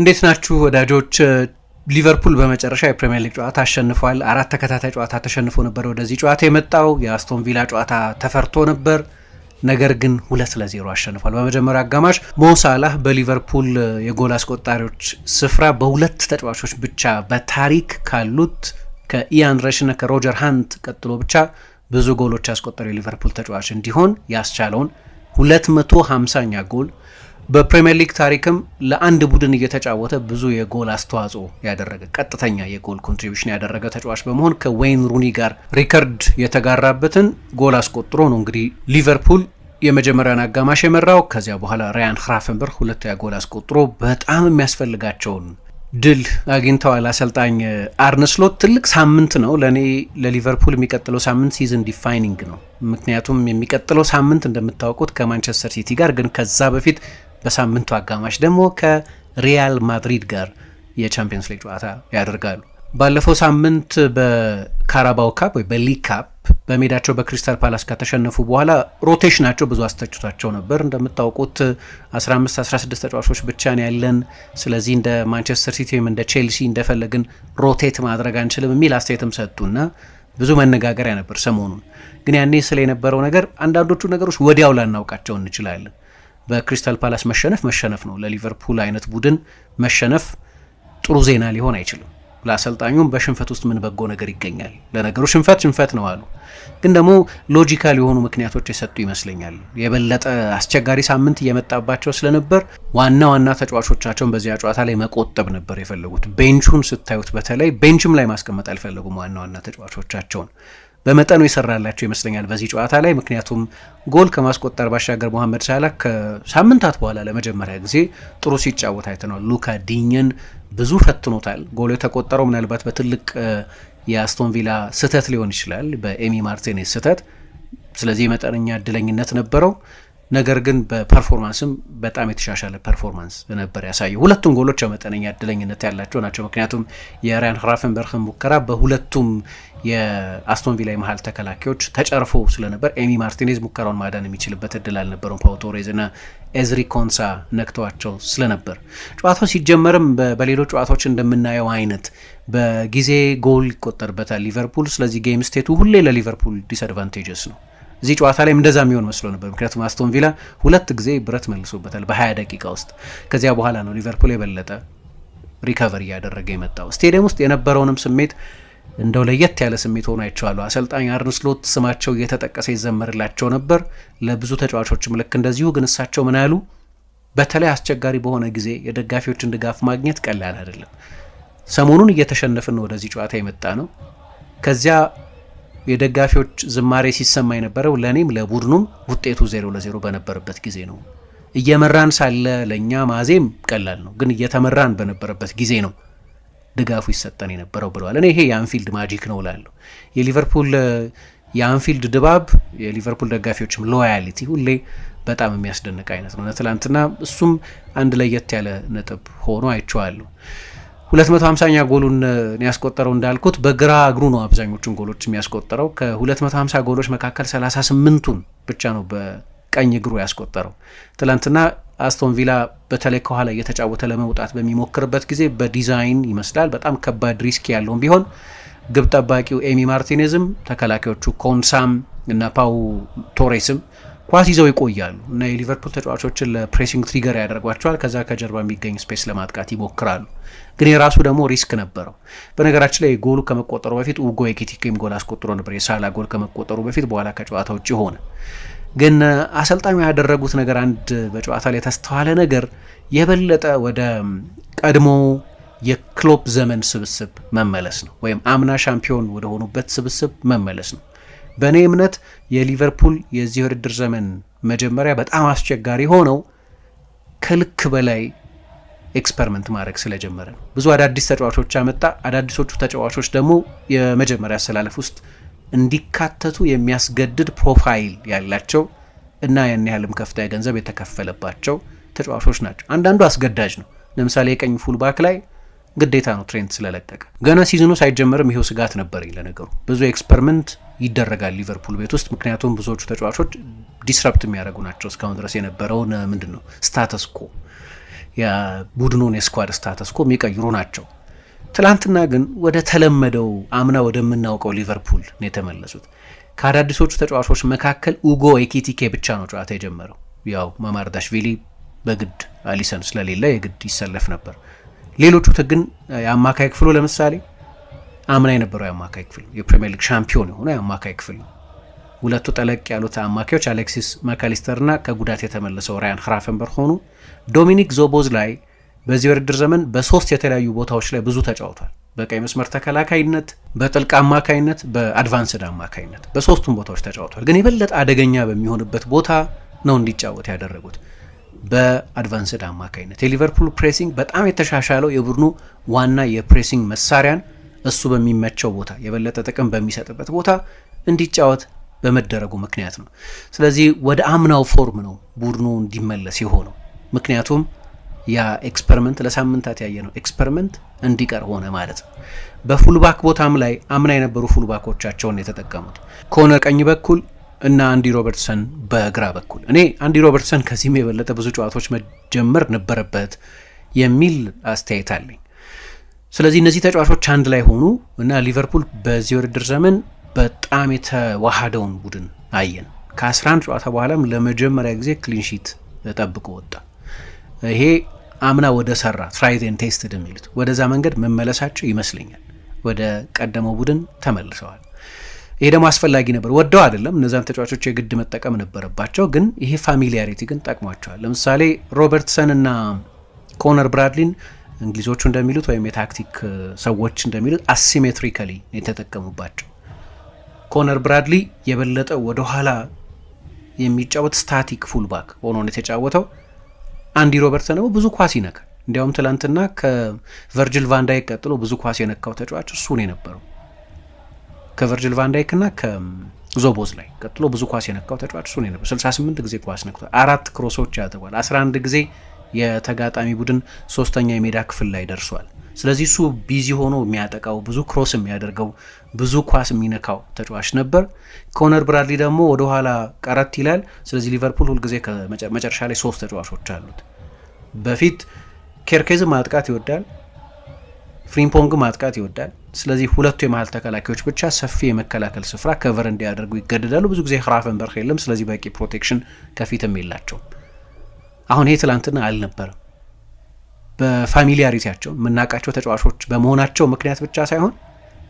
እንዴት ናችሁ ወዳጆች? ሊቨርፑል በመጨረሻ የፕሪሚየር ሊግ ጨዋታ አሸንፏል። አራት ተከታታይ ጨዋታ ተሸንፎ ነበር ወደዚህ ጨዋታ የመጣው። የአስቶን ቪላ ጨዋታ ተፈርቶ ነበር፣ ነገር ግን ሁለት ለዜሮ አሸንፏል። በመጀመሪያ አጋማሽ ሞሳላህ በሊቨርፑል የጎል አስቆጣሪዎች ስፍራ በሁለት ተጫዋቾች ብቻ በታሪክ ካሉት ከኢያን ረሽና ከሮጀር ሃንት ቀጥሎ ብቻ ብዙ ጎሎች ያስቆጠረው የሊቨርፑል ተጫዋች እንዲሆን ያስቻለውን 250ኛ ጎል በፕሪምየር ሊግ ታሪክም ለአንድ ቡድን እየተጫወተ ብዙ የጎል አስተዋጽኦ ያደረገ ቀጥተኛ የጎል ኮንትሪቢሽን ያደረገ ተጫዋች በመሆን ከዌይን ሩኒ ጋር ሪከርድ የተጋራበትን ጎል አስቆጥሮ ነው እንግዲህ ሊቨርፑል የመጀመሪያውን አጋማሽ የመራው። ከዚያ በኋላ ራያን ግራፈንበርግ ሁለተኛ ጎል አስቆጥሮ በጣም የሚያስፈልጋቸውን ድል አግኝተዋል። አሰልጣኝ አርነስሎት ትልቅ ሳምንት ነው ለእኔ ለሊቨርፑል የሚቀጥለው ሳምንት ሲዝን ዲፋይኒንግ ነው። ምክንያቱም የሚቀጥለው ሳምንት እንደምታውቁት ከማንቸስተር ሲቲ ጋር ግን ከዛ በፊት በሳምንቱ አጋማሽ ደግሞ ከሪያል ማድሪድ ጋር የቻምፒየንስ ሊግ ጨዋታ ያደርጋሉ። ባለፈው ሳምንት በካራባው ካፕ ወይ በሊግ ካፕ በሜዳቸው በክሪስታል ፓላስ ከተሸነፉ በኋላ ሮቴሽናቸው ብዙ አስተችቷቸው ነበር። እንደምታውቁት 15 16 ተጫዋቾች ብቻ ነው ያለን፣ ስለዚህ እንደ ማንቸስተር ሲቲ ወይም እንደ ቼልሲ እንደፈለግን ሮቴት ማድረግ አንችልም የሚል አስተያየትም ሰጡና ብዙ መነጋገሪያ ነበር ሰሞኑን። ግን ያኔ ስለ የነበረው ነገር አንዳንዶቹ ነገሮች ወዲያው ላናውቃቸው እንችላለን በክሪስታል ፓላስ መሸነፍ መሸነፍ ነው። ለሊቨርፑል አይነት ቡድን መሸነፍ ጥሩ ዜና ሊሆን አይችልም። ለአሰልጣኙም በሽንፈት ውስጥ ምን በጎ ነገር ይገኛል? ለነገሩ ሽንፈት ሽንፈት ነው አሉ። ግን ደግሞ ሎጂካል የሆኑ ምክንያቶች የሰጡ ይመስለኛል። የበለጠ አስቸጋሪ ሳምንት እየመጣባቸው ስለነበር ዋና ዋና ተጫዋቾቻቸውን በዚያ ጨዋታ ላይ መቆጠብ ነበር የፈለጉት። ቤንቹን ስታዩት በተለይ ቤንችም ላይ ማስቀመጥ አልፈለጉም ዋና ዋና ተጫዋቾቻቸውን በመጠኑ የሰራላቸው ይመስለኛል በዚህ ጨዋታ ላይ። ምክንያቱም ጎል ከማስቆጠር ባሻገር መሐመድ ሳላ ከሳምንታት በኋላ ለመጀመሪያ ጊዜ ጥሩ ሲጫወት አይተናል። ሉካ ዲኝን ብዙ ፈትኖታል። ጎሉ የተቆጠረው ምናልባት በትልቅ የአስቶን ቪላ ስህተት ሊሆን ይችላል፣ በኤሚ ማርቲኔዝ ስህተት። ስለዚህ መጠነኛ እድለኝነት ነበረው። ነገር ግን በፐርፎርማንስም በጣም የተሻሻለ ፐርፎርማንስ ነበር ያሳየው። ሁለቱም ጎሎች መጠነኛ እድለኝነት ያላቸው ናቸው። ምክንያቱም የራያን ግራፈንበርግን ሙከራ በሁለቱም የአስቶን ቪላ መሀል ተከላካዮች ተጨርፎ ስለነበር ኤሚ ማርቲኔዝ ሙከራውን ማዳን የሚችልበት እድል አልነበረውም። ፓው ቶሬዝ እና ኤዝሪ ኮንሳ ነክተዋቸው ስለነበር ጨዋታው ሲጀመርም በሌሎች ጨዋታዎች እንደምናየው አይነት በጊዜ ጎል ይቆጠርበታል ሊቨርፑል። ስለዚህ ጌም ስቴቱ ሁሌ ለሊቨርፑል ዲስአድቫንቴጀስ ነው። እዚህ ጨዋታ ላይ እንደዛ የሚሆን መስሎ ነበር። ምክንያቱም አስቶን ቪላ ሁለት ጊዜ ብረት መልሶበታል በ20 ደቂቃ ውስጥ። ከዚያ በኋላ ነው ሊቨርፑል የበለጠ ሪከቨር እያደረገ የመጣው። ስቴዲየም ውስጥ የነበረውንም ስሜት እንደው ለየት ያለ ስሜት ሆኖ አይቼዋለሁ። አሰልጣኝ አርነ ስሎት ስማቸው እየተጠቀሰ ይዘመርላቸው ነበር፣ ለብዙ ተጫዋቾችም ልክ እንደዚሁ። ግን እሳቸው ምን አሉ? በተለይ አስቸጋሪ በሆነ ጊዜ የደጋፊዎችን ድጋፍ ማግኘት ቀላል አይደለም። ሰሞኑን እየተሸነፍን ወደዚህ ጨዋታ የመጣ ነው ከዚያ የደጋፊዎች ዝማሬ ሲሰማ የነበረው ለእኔም ለቡድኑም ውጤቱ ዜሮ ለዜሮ በነበረበት ጊዜ ነው። እየመራን ሳለ ለእኛ ማዜም ቀላል ነው፣ ግን እየተመራን በነበረበት ጊዜ ነው ድጋፉ ይሰጠን የነበረው ብለዋል። እኔ ይሄ የአንፊልድ ማጂክ ነው እላለሁ። የሊቨርፑል የአንፊልድ ድባብ፣ የሊቨርፑል ደጋፊዎችም ሎያሊቲ ሁሌ በጣም የሚያስደንቅ አይነት ነው። ትላንትና እሱም አንድ ለየት ያለ ነጥብ ሆኖ አይቼዋለሁ። 250ኛ ጎሉን ያስቆጠረው እንዳልኩት በግራ እግሩ ነው አብዛኞቹን ጎሎች የሚያስቆጠረው። ከ250 ጎሎች መካከል 38ቱን ብቻ ነው በቀኝ እግሩ ያስቆጠረው። ትላንትና አስቶን ቪላ በተለይ ከኋላ እየተጫወተ ለመውጣት በሚሞክርበት ጊዜ በዲዛይን ይመስላል በጣም ከባድ ሪስክ ያለውም ቢሆን ግብ ጠባቂው ኤሚ ማርቲኔዝም ተከላካዮቹ ኮንሳም እና ፓው ቶሬስም ኳስ ይዘው ይቆያሉ እና የሊቨርፑል ተጫዋቾችን ለፕሬሲንግ ትሪገር ያደርጓቸዋል። ከዛ ከጀርባ የሚገኝ ስፔስ ለማጥቃት ይሞክራሉ። ግን የራሱ ደግሞ ሪስክ ነበረው። በነገራችን ላይ ጎሉ ከመቆጠሩ በፊት ኡጎ ኤኪቲኬም ጎል አስቆጥሮ ነበር፣ የሳላ ጎል ከመቆጠሩ በፊት በኋላ ከጨዋታ ውጭ ሆነ። ግን አሰልጣኙ ያደረጉት ነገር አንድ በጨዋታ ላይ የተስተዋለ ነገር የበለጠ ወደ ቀድሞ የክሎፕ ዘመን ስብስብ መመለስ ነው፣ ወይም አምና ሻምፒዮን ወደሆኑበት ስብስብ መመለስ ነው። በእኔ እምነት የሊቨርፑል የዚህ ውድድር ዘመን መጀመሪያ በጣም አስቸጋሪ ሆነው ከልክ በላይ ኤክስፐሪመንት ማድረግ ስለጀመረ ነው። ብዙ አዳዲስ ተጫዋቾች አመጣ። አዳዲሶቹ ተጫዋቾች ደግሞ የመጀመሪያ አሰላለፍ ውስጥ እንዲካተቱ የሚያስገድድ ፕሮፋይል ያላቸው እና ያን ያህልም ከፍተኛ ገንዘብ የተከፈለባቸው ተጫዋቾች ናቸው። አንዳንዱ አስገዳጅ ነው። ለምሳሌ የቀኝ ፉልባክ ላይ ግዴታ ነው ትሬንት ስለለቀቀ። ገና ሲዝኑ ሳይጀመርም ይሄው ስጋት ነበረኝ። ለነገሩ ብዙ ኤክስፐሪመንት ይደረጋል ሊቨርፑል ቤት ውስጥ ምክንያቱም ብዙዎቹ ተጫዋቾች ዲስራፕት የሚያደርጉ ናቸው። እስካሁን ድረስ የነበረውን ምንድን ነው ስታተስኮ የቡድኑን የስኳድ ስታተስኮ የሚቀይሩ ናቸው። ትላንትና ግን ወደ ተለመደው አምና ወደምናውቀው ሊቨርፑል ነው የተመለሱት። ከአዳዲሶቹ ተጫዋቾች መካከል ኡጎ ኤኪቲኬ ብቻ ነው ጨዋታ የጀመረው። ያው ማማርዳሽቪሊ በግድ አሊሰን ስለሌለ የግድ ይሰለፍ ነበር። ሌሎቹ ግን የአማካይ ክፍሉ ለምሳሌ አምና የነበረው የአማካይ ክፍል የፕሪሚየር ሊግ ሻምፒዮን የሆነው የአማካይ ክፍል ነው። ሁለቱ ጠለቅ ያሉት አማካዮች አሌክሲስ መካሊስተርና ከጉዳት የተመለሰው ራያን ክራፈንበር ሆኑ። ዶሚኒክ ዞቦዝ ላይ በዚህ ውድድር ዘመን በሶስት የተለያዩ ቦታዎች ላይ ብዙ ተጫውቷል። በቀይ መስመር ተከላካይነት፣ በጥልቅ አማካይነት፣ በአድቫንስድ አማካይነት በሶስቱም ቦታዎች ተጫውቷል። ግን የበለጠ አደገኛ በሚሆንበት ቦታ ነው እንዲጫወት ያደረጉት በአድቫንስድ አማካይነት። የሊቨርፑል ፕሬሲንግ በጣም የተሻሻለው የቡድኑ ዋና የፕሬሲንግ መሳሪያን እሱ በሚመቸው ቦታ የበለጠ ጥቅም በሚሰጥበት ቦታ እንዲጫወት በመደረጉ ምክንያት ነው። ስለዚህ ወደ አምናው ፎርም ነው ቡድኑ እንዲመለስ የሆነው። ምክንያቱም ያ ኤክስፐሪመንት ለሳምንታት ያየ ነው ኤክስፐሪመንት እንዲቀር ሆነ ማለት ነው። በፉልባክ ቦታም ላይ አምና የነበሩ ፉልባኮቻቸውን የተጠቀሙት ኮነር ቀኝ በኩል እና አንዲ ሮበርትሰን በግራ በኩል። እኔ አንዲ ሮበርትሰን ከዚህም የበለጠ ብዙ ጨዋታዎች መጀመር ነበረበት የሚል አስተያየት አለኝ። ስለዚህ እነዚህ ተጫዋቾች አንድ ላይ ሆኑ እና ሊቨርፑል በዚህ ውድድር ዘመን በጣም የተዋሃደውን ቡድን አየን። ከ11 ጨዋታ በኋላም ለመጀመሪያ ጊዜ ክሊንሺት ጠብቆ ወጣ። ይሄ አምና ወደ ሰራ ትራይዴን ቴስትድ የሚሉት ወደዛ መንገድ መመለሳቸው ይመስለኛል። ወደ ቀደመው ቡድን ተመልሰዋል። ይሄ ደግሞ አስፈላጊ ነበር። ወደው አይደለም እነዛን ተጫዋቾች የግድ መጠቀም ነበረባቸው፣ ግን ይሄ ፋሚሊያሪቲ ግን ጠቅሟቸዋል። ለምሳሌ ሮበርትሰን እና ኮነር ብራድሊን እንግሊዞቹ እንደሚሉት ወይም የታክቲክ ሰዎች እንደሚሉት አሲሜትሪካሊ የተጠቀሙባቸው። ኮነር ብራድሊ የበለጠ ወደኋላ የሚጫወት ስታቲክ ፉልባክ ሆኖ ነው የተጫወተው። አንዲ ሮበርትሰን ደግሞ ብዙ ኳስ ይነካል። እንዲያውም ትላንትና ከቨርጅል ቫንዳይክ ቀጥሎ ብዙ ኳስ የነካው ተጫዋች እሱ ነው የነበረው። ከቨርጅል ቫንዳይክ እና ከዞቦዝ ላይ ቀጥሎ ብዙ ኳስ የነካው ተጫዋች እሱ ነው የነበረው። 68 ጊዜ ኳስ ነክቷል። አራት ክሮሶች ያደርጓል። 11 ጊዜ የተጋጣሚ ቡድን ሶስተኛ የሜዳ ክፍል ላይ ደርሷል። ስለዚህ እሱ ቢዚ ሆኖ የሚያጠቃው ብዙ ክሮስ የሚያደርገው ብዙ ኳስ የሚነካው ተጫዋች ነበር። ኮነር ብራድሊ ደግሞ ወደኋላ ቀረት ይላል። ስለዚህ ሊቨርፑል ሁልጊዜ መጨረሻ ላይ ሶስት ተጫዋቾች አሉት። በፊት ኬርኬዝ ማጥቃት ይወዳል፣ ፍሪምፖንግ ማጥቃት ይወዳል። ስለዚህ ሁለቱ የመሀል ተከላካዮች ብቻ ሰፊ የመከላከል ስፍራ ከቨር እንዲያደርጉ ይገደዳሉ። ብዙ ጊዜ ራፈንበርግ የለም። ስለዚህ በቂ ፕሮቴክሽን ከፊትም የላቸውም። አሁን ይሄ ትላንትና አልነበረም። በፋሚሊያሪቲያቸው የምናውቃቸው ተጫዋቾች በመሆናቸው ምክንያት ብቻ ሳይሆን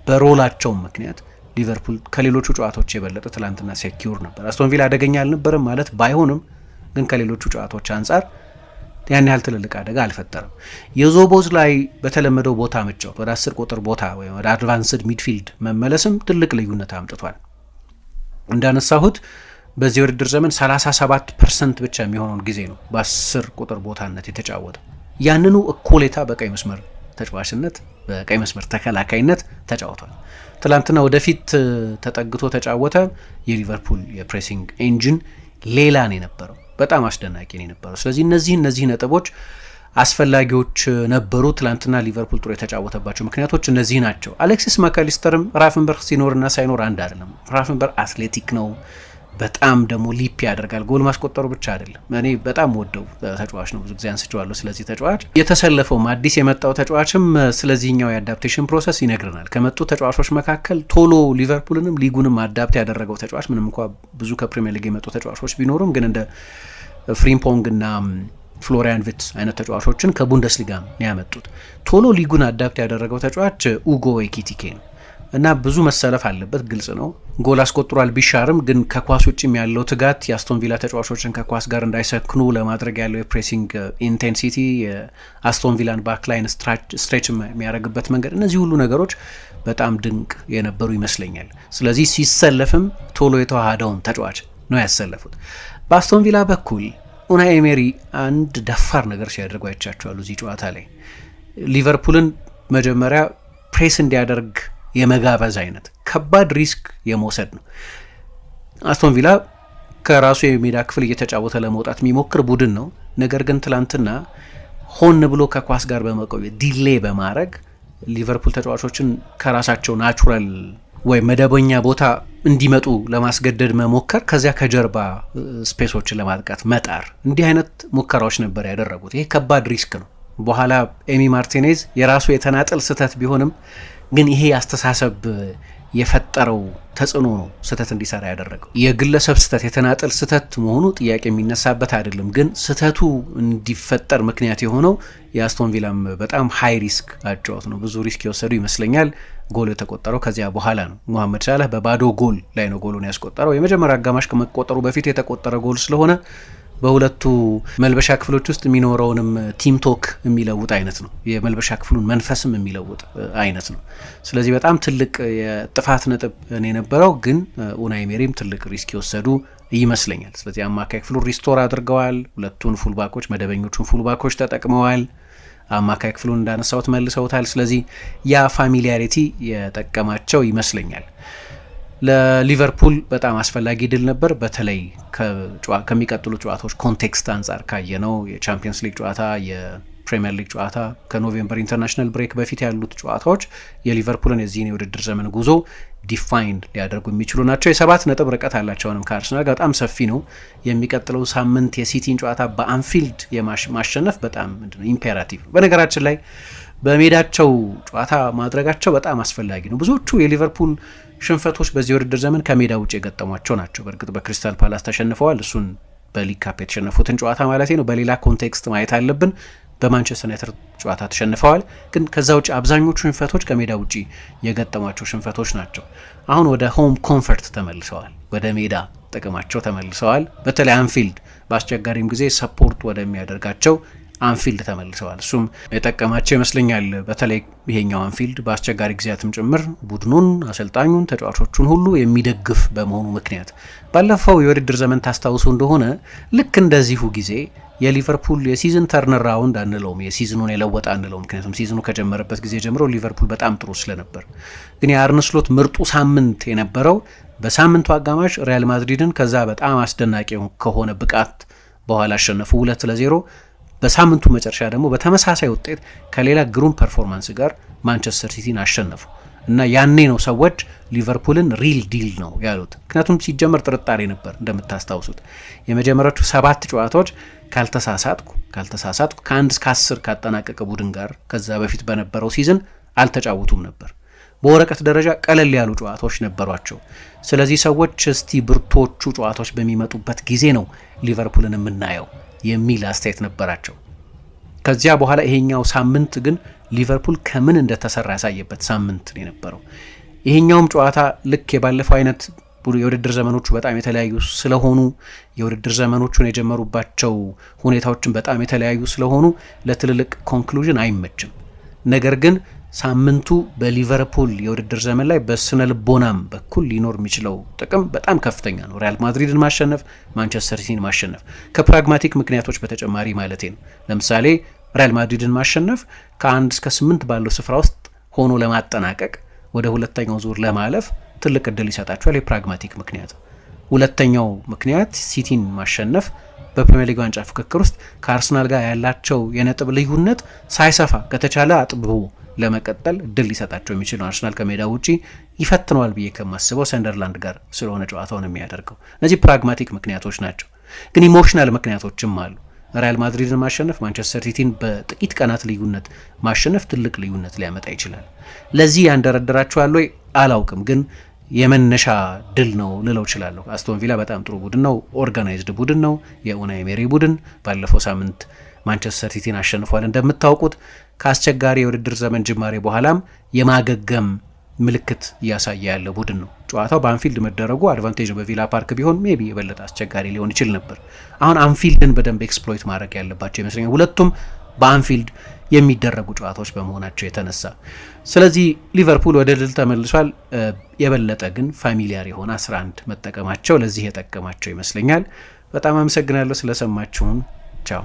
በሮላቸው ምክንያት ሊቨርፑል ከሌሎቹ ጨዋታዎች የበለጠ ትላንትና ሴኪውር ነበር። አስቶንቪል አደገኛ አልነበረም ማለት ባይሆንም ግን ከሌሎቹ ጨዋታዎች አንጻር ያን ያህል ትልልቅ አደጋ አልፈጠረም። የዞቦዝ ላይ በተለመደው ቦታ መጫወት ወደ አስር ቁጥር ቦታ ወይም ወደ አድቫንስድ ሚድፊልድ መመለስም ትልቅ ልዩነት አምጥቷል እንዳነሳሁት በዚህ ውድድር ዘመን 37 ፐርሰንት ብቻ የሚሆነውን ጊዜ ነው በአስር ቁጥር ቦታነት የተጫወተው። ያንኑ እኩሌታ በቀይ መስመር ተጫዋችነት በቀይ መስመር ተከላካይነት ተጫውቷል። ትላንትና ወደፊት ተጠግቶ ተጫወተ። የሊቨርፑል የፕሬሲንግ ኢንጂን ሌላ ነው የነበረው፣ በጣም አስደናቂ ነው የነበረው። ስለዚህ እነዚህ እነዚህ ነጥቦች አስፈላጊዎች ነበሩ። ትላንትና ሊቨርፑል ጥሩ የተጫወተባቸው ምክንያቶች እነዚህ ናቸው። አሌክሲስ ማካሊስተርም ራፍንበር ሲኖርና ሳይኖር አንድ አይደለም። ራፍንበርግ አትሌቲክ ነው በጣም ደግሞ ሊፕ ያደርጋል። ጎል ማስቆጠሩ ብቻ አይደለም፣ እኔ በጣም ወደው ተጫዋች ነው። ብዙ ጊዜ አንስቼዋለሁ ስለዚህ ተጫዋች። የተሰለፈውም አዲስ የመጣው ተጫዋችም ስለዚህኛው የአዳፕቴሽን ፕሮሰስ ይነግረናል። ከመጡ ተጫዋቾች መካከል ቶሎ ሊቨርፑልንም ሊጉንም አዳፕት ያደረገው ተጫዋች ምንም እንኳ ብዙ ከፕሪሚየር ሊግ የመጡ ተጫዋቾች ቢኖሩም ግን እንደ ፍሪምፖንግ ፍሎሪያን ቪትስ አይነት ተጫዋቾችን ከቡንደስሊጋ ነው ያመጡት። ቶሎ ሊጉን አዳፕት ያደረገው ተጫዋች ኡጎ ኤኪቲኬ ነው። እና ብዙ መሰለፍ አለበት። ግልጽ ነው። ጎል አስቆጥሯል ቢሻርም፣ ግን ከኳስ ውጭም ያለው ትጋት የአስቶንቪላ ተጫዋቾችን ከኳስ ጋር እንዳይሰክኑ ለማድረግ ያለው የፕሬሲንግ ኢንቴንሲቲ፣ ቪላን ባክላይን ስትሬች የሚያደርግበት መንገድ፣ እነዚህ ሁሉ ነገሮች በጣም ድንቅ የነበሩ ይመስለኛል። ስለዚህ ሲሰለፍም ቶሎ የተዋሃደውን ተጫዋች ነው ያሰለፉት። በአስቶንቪላ በኩል ኡናይ ኤሜሪ አንድ ደፋር ነገር ሲያደርጉ አይቻቸዋሉ። እዚህ ጨዋታ ላይ ሊቨርፑልን መጀመሪያ ፕሬስ እንዲያደርግ የመጋበዝ አይነት ከባድ ሪስክ የመውሰድ ነው። አስቶን ቪላ ከራሱ የሜዳ ክፍል እየተጫወተ ለመውጣት የሚሞክር ቡድን ነው። ነገር ግን ትላንትና ሆን ብሎ ከኳስ ጋር በመቆየት ዲሌ በማድረግ ሊቨርፑል ተጫዋቾችን ከራሳቸው ናቹራል ወይም መደበኛ ቦታ እንዲመጡ ለማስገደድ መሞከር፣ ከዚያ ከጀርባ ስፔሶችን ለማጥቃት መጣር፣ እንዲህ አይነት ሙከራዎች ነበር ያደረጉት። ይሄ ከባድ ሪስክ ነው። በኋላ ኤሚ ማርቲኔዝ የራሱ የተናጠል ስህተት ቢሆንም ግን ይሄ አስተሳሰብ የፈጠረው ተጽዕኖ ነው ስህተት እንዲሰራ ያደረገው። የግለሰብ ስህተት የተናጠል ስህተት መሆኑ ጥያቄ የሚነሳበት አይደለም። ግን ስህተቱ እንዲፈጠር ምክንያት የሆነው የአስቶን ቪላም በጣም ሀይ ሪስክ አጫወት ነው። ብዙ ሪስክ የወሰዱ ይመስለኛል። ጎል የተቆጠረው ከዚያ በኋላ ነው። ሙሐመድ ሳላህ በባዶ ጎል ላይ ነው ጎሉን ያስቆጠረው። የመጀመሪያ አጋማሽ ከመቆጠሩ በፊት የተቆጠረ ጎል ስለሆነ በሁለቱ መልበሻ ክፍሎች ውስጥ የሚኖረውንም ቲም ቶክ የሚለውጥ አይነት ነው። የመልበሻ ክፍሉን መንፈስም የሚለውጥ አይነት ነው። ስለዚህ በጣም ትልቅ የጥፋት ነጥብ የነበረው ግን ኡናይ ሜሪም ትልቅ ሪስክ የወሰዱ ይመስለኛል። ስለዚህ አማካይ ክፍሉን ሪስቶር አድርገዋል። ሁለቱን ፉልባኮች፣ መደበኞቹን ፉልባኮች ተጠቅመዋል። አማካይ ክፍሉን እንዳነሳውት መልሰውታል። ስለዚህ ያ ፋሚሊያሪቲ የጠቀማቸው ይመስለኛል። ለሊቨርፑል በጣም አስፈላጊ ድል ነበር። በተለይ ከሚቀጥሉ ጨዋታዎች ኮንቴክስት አንጻር ነው። የቻምፒየንስ ሊግ ጨዋታ፣ የፕሪምየር ሊግ ጨዋታ፣ ከኖቬምበር ኢንተርናሽናል ብሬክ በፊት ያሉት ጨዋታዎች የሊቨርፑልን የዚህን የውድድር ዘመን ጉዞ ዲፋይን ሊያደርጉ የሚችሉ ናቸው። የሰባት ነጥብ ርቀት አላቸውንም ከአርሰናል ጋር በጣም ሰፊ ነው። የሚቀጥለው ሳምንት የሲቲን ጨዋታ በአንፊልድ ማሸነፍ በጣም ኢምፔራቲቭ ነው። በነገራችን ላይ በሜዳቸው ጨዋታ ማድረጋቸው በጣም አስፈላጊ ነው። ብዙዎቹ የሊቨርፑል ሽንፈቶች በዚህ ውድድር ዘመን ከሜዳ ውጭ የገጠሟቸው ናቸው። በእርግጥ በክሪስታል ፓላስ ተሸንፈዋል። እሱን በሊግ ካፕ የተሸነፉትን ጨዋታ ማለት ነው። በሌላ ኮንቴክስት ማየት አለብን። በማንቸስተር ዩናይትድ ጨዋታ ተሸንፈዋል። ግን ከዛ ውጭ አብዛኞቹ ሽንፈቶች ከሜዳ ውጭ የገጠሟቸው ሽንፈቶች ናቸው። አሁን ወደ ሆም ኮንፈርት ተመልሰዋል። ወደ ሜዳ ጥቅማቸው ተመልሰዋል። በተለይ አንፊልድ በአስቸጋሪም ጊዜ ሰፖርት ወደሚያደርጋቸው አንፊልድ ተመልሰዋል። እሱም የጠቀማቸው ይመስለኛል። በተለይ ይሄኛው አንፊልድ በአስቸጋሪ ጊዜያትም ጭምር ቡድኑን፣ አሰልጣኙን፣ ተጫዋቾቹን ሁሉ የሚደግፍ በመሆኑ ምክንያት ባለፈው የውድድር ዘመን ታስታውሱ እንደሆነ ልክ እንደዚሁ ጊዜ የሊቨርፑል የሲዝን ተርነር ራውንድ አንለውም፣ የሲዝኑን የለወጠ አንለው። ምክንያቱም ሲዝኑ ከጀመረበት ጊዜ ጀምሮ ሊቨርፑል በጣም ጥሩ ስለነበር፣ ግን የአርንስሎት ምርጡ ሳምንት የነበረው በሳምንቱ አጋማሽ ሪያል ማድሪድን ከዛ በጣም አስደናቂ ከሆነ ብቃት በኋላ አሸነፉ ሁለት ለዜሮ በሳምንቱ መጨረሻ ደግሞ በተመሳሳይ ውጤት ከሌላ ግሩም ፐርፎርማንስ ጋር ማንቸስተር ሲቲን አሸነፉ እና ያኔ ነው ሰዎች ሊቨርፑልን ሪል ዲል ነው ያሉት። ምክንያቱም ሲጀመር ጥርጣሬ ነበር እንደምታስታውሱት። የመጀመሪያዎቹ ሰባት ጨዋታዎች ካልተሳሳትኩ ካልተሳሳትኩ ከአንድ እስከ አስር ካጠናቀቀ ቡድን ጋር ከዛ በፊት በነበረው ሲዝን አልተጫወቱም ነበር። በወረቀት ደረጃ ቀለል ያሉ ጨዋታዎች ነበሯቸው። ስለዚህ ሰዎች እስቲ ብርቶቹ ጨዋታዎች በሚመጡበት ጊዜ ነው ሊቨርፑልን የምናየው የሚል አስተያየት ነበራቸው። ከዚያ በኋላ ይሄኛው ሳምንት ግን ሊቨርፑል ከምን እንደተሰራ ያሳየበት ሳምንት ነው የነበረው። ይሄኛውም ጨዋታ ልክ የባለፈው አይነት የውድድር ዘመኖቹ በጣም የተለያዩ ስለሆኑ የውድድር ዘመኖቹን የጀመሩባቸው ሁኔታዎችን በጣም የተለያዩ ስለሆኑ ለትልልቅ ኮንክሉዥን አይመችም። ነገር ግን ሳምንቱ በሊቨርፑል የውድድር ዘመን ላይ በስነ ልቦናም በኩል ሊኖር የሚችለው ጥቅም በጣም ከፍተኛ ነው። ሪያል ማድሪድን ማሸነፍ፣ ማንቸስተር ሲቲን ማሸነፍ ከፕራግማቲክ ምክንያቶች በተጨማሪ ማለቴ ነው። ለምሳሌ ሪያል ማድሪድን ማሸነፍ ከአንድ እስከ ስምንት ባለው ስፍራ ውስጥ ሆኖ ለማጠናቀቅ ወደ ሁለተኛው ዙር ለማለፍ ትልቅ እድል ይሰጣቸዋል። የፕራግማቲክ ምክንያት። ሁለተኛው ምክንያት ሲቲን ማሸነፍ በፕሪሚየር ሊግ ዋንጫ ፍክክር ውስጥ ከአርሰናል ጋር ያላቸው የነጥብ ልዩነት ሳይሰፋ ከተቻለ አጥብቦ ለመቀጠል ድል ሊሰጣቸው የሚችል ነው። አርሰናል ከሜዳ ውጪ ይፈትነዋል ብዬ ከማስበው ሰንደርላንድ ጋር ስለሆነ ጨዋታውን የሚያደርገው። እነዚህ ፕራግማቲክ ምክንያቶች ናቸው፣ ግን ኢሞሽናል ምክንያቶችም አሉ። ሪያል ማድሪድን ማሸነፍ ማንቸስተር ሲቲን በጥቂት ቀናት ልዩነት ማሸነፍ ትልቅ ልዩነት ሊያመጣ ይችላል። ለዚህ ያንደረደራችኋል ወይ አላውቅም፣ ግን የመነሻ ድል ነው ልለው እችላለሁ። አስቶን ቪላ በጣም ጥሩ ቡድን ነው። ኦርጋናይዝድ ቡድን ነው። የኡናይ ሜሪ ቡድን ባለፈው ሳምንት ማንቸስተር ሲቲን አሸንፏል እንደምታውቁት ከአስቸጋሪ የውድድር ዘመን ጅማሬ በኋላም የማገገም ምልክት እያሳየ ያለ ቡድን ነው። ጨዋታው በአንፊልድ መደረጉ አድቫንቴጅ በቪላ ፓርክ ቢሆን ሜቢ የበለጠ አስቸጋሪ ሊሆን ይችል ነበር። አሁን አንፊልድን በደንብ ኤክስፕሎይት ማድረግ ያለባቸው ይመስለኛል፣ ሁለቱም በአንፊልድ የሚደረጉ ጨዋታዎች በመሆናቸው የተነሳ ስለዚህ ሊቨርፑል ወደ ድል ተመልሷል። የበለጠ ግን ፋሚሊያር የሆነ 11 መጠቀማቸው ለዚህ የጠቀማቸው ይመስለኛል። በጣም አመሰግናለሁ ስለሰማችሁን። ቻው